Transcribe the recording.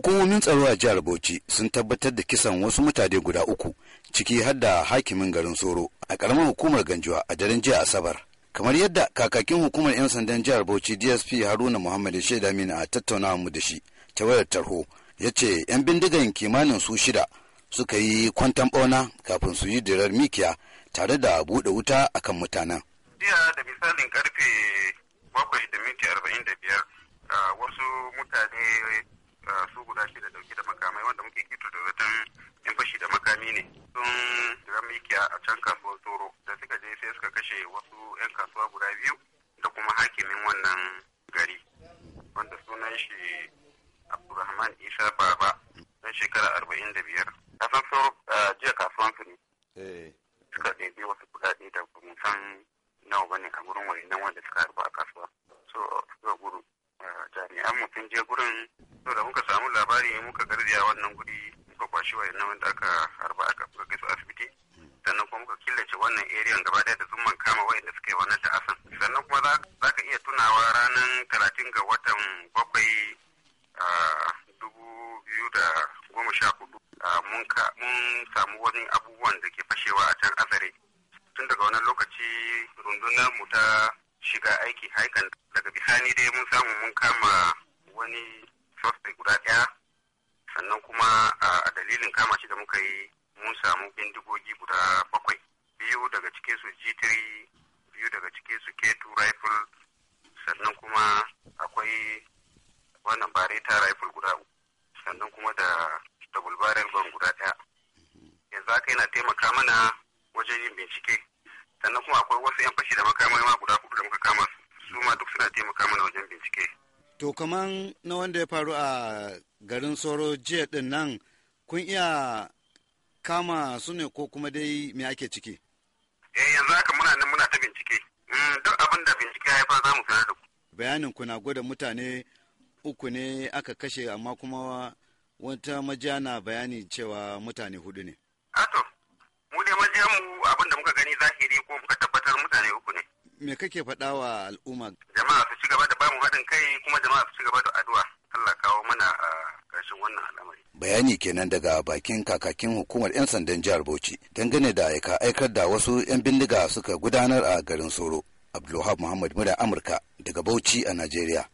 Hukumomin tsaro a jihar Bauchi sun tabbatar da kisan wasu mutane guda uku ciki har da hakimin garin Soro a ƙaramin hukumar Ganjuwa a daren jiya Asabar. Kamar yadda kakakin hukumar 'yan sandan jihar Bauchi DSP Haruna Muhammad ya shaida mini a tattaunawa mu da shi ta wayar tarho ya ce 'yan bindigan kimanin su shida suka yi kwantan bauna kafin su yi dirar mikiya tare da buɗe wuta akan mutanen. Jiya da misalin karfe bakwai da minti wasu mutane su guda shida dauke da makamai wanda muke kito da zaton yan fashi da makami ne sun mikiya a can kasuwar toro da suka je sai suka kashe wasu yan kasuwa guda biyu da kuma hakimin wannan gari wanda sunan shi abdulrahman isa baba dan shekara arba'in da biyar kasan sun jiya kasuwan su ne eh. suka ɗaiɗai wasu kuɗaɗe da kuma nawa bane a gurin nan wanda suka harba a kasuwa so suka gudu jami'an mutum je gurin saboda muka samu labari muka garzaya wannan guri muka kwashi wayannan wanda aka harba aka kai su asibiti sannan kuma muka killace wannan eriyan gaba daya da zumman kama wayanda suka yi wannan ta'asan sannan kuma za ka iya tunawa ranar talatin ga watan bakwai dubu biyu da goma sha hudu mun samu wani abubuwan da ke fashewa a can azare tun daga wannan lokaci rundunar mu ta shiga aiki haikan daga bisani dai mun samu mun kama wani suspect guda ɗaya sannan kuma a dalilin kama shi da muka yi mun samu bindigogi guda bakwai biyu daga cikin su g3 biyu daga cikin su k2 rifle sannan kuma akwai wannan bareta rifle guda sannan kuma da double barrel gun guda ɗaya yanzu haka yana taimaka mana wajen yin bincike sannan kuma akwai wasu 'yan fashi da makamai ma guda To kaman na wanda ya faru a garin Soro jiya din nan kun iya kama su ne ko kuma dai me ake ciki? Eh yanzu haka muna nan muna ta bincike. Mm, duk abin da bincike ya za mu sanar da ku. Bayanin kuna gwada mutane uku ne aka kashe amma kuma wata majiya na bayani cewa mutane hudu ne. Ato, ah, mu dai majiya mu abin da muka gani zahiri ko muka tabbatar mutane uku ne. Me kake faɗa wa al'umma? su gaba da addu'a Allah kawo mana a ƙarshen wannan al'amari. Bayani kenan daga bakin kakakin hukumar 'yan sandan jihar Bauchi dangane da aika aikar da wasu 'yan bindiga suka gudanar a garin Soro. Abdulwahab Muhammad Mura Amurka daga Bauchi a Najeriya.